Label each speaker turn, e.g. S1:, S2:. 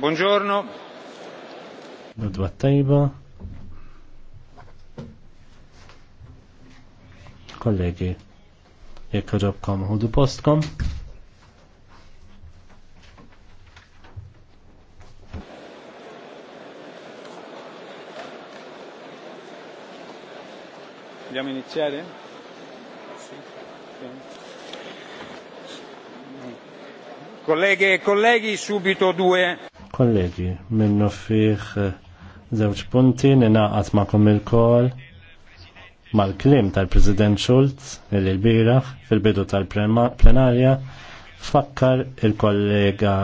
S1: Buongiorno.
S2: Nodwa tajba. Kollegi, jekk ġobkom u postkom.
S3: Vogliamo iniziare?
S1: Sì. Sì.
S3: Kollegi e kollegi, subito due.
S2: Kollegi, minnu fiħ eh, zewċ punti, ninaqat ma'kom il-kol mal-klim tal-President Schultz il-biraħ fil-bidu tal-plenarja fakkar il-kollega